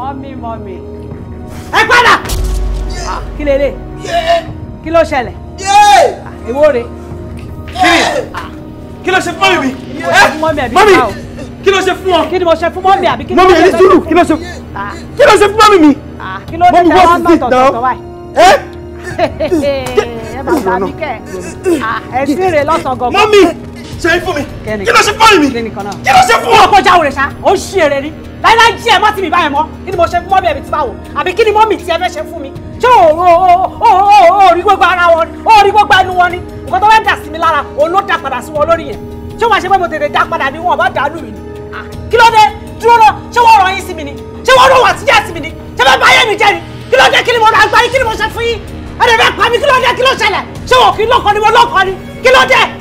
mọ́mí mọ́mí. ẹ padà ah, kí lè lè kí ló ṣẹlẹ̀ ah, èwo rè. Ah. kí ló ṣe fún mi mọ́mí kí ló ṣe fún ọ. kí ni mo ṣe fún mọ́mí àbí kí ni mo ṣe fún mọ́mí. mọ́mí ẹni sùúrù kí ló ṣe kí ló ṣe fún mọ́mí mi. kí ló dé tẹ wọn náà tọ̀tọ̀tọ̀ wáyé. ẹ bá bá mi kẹ ẹ sí rè lọ́sàn mọ́mí ṣe é fún mi kí ló ṣe fún mi kí ló ṣe fún ọ. kọjá òrìṣà ó ṣí èrè ni láíláí jí ẹ mọ́ tì mí báyẹn mọ́ kí ni mo ṣe fún mọ́mí ẹ̀mí tí báwo àbí kí ni mọ́mí tí ẹ fẹ́ ṣe fún mi ṣé òòrí gbogbo ara wọn ni òòrí gbogbo ẹnu wọn ni nǹkan tó fẹ́ dà sí mi lára òun ló dà padà sí wọn lórí yẹn ṣé wàá ṣe pé mo tètè dá padà ni wọn bá dàánù mi ni ah, kí ló dé dúró lọ ṣé wọ́n rọ yín sí mi ni ṣé wọ́n rọ wà síjà sí mi ni ṣé bẹ́ẹ̀ báyẹn mi jẹ́ ni kí ló dé kí ni mo rà gbá yín kí ni mo ṣe fún yín ẹ̀rẹ̀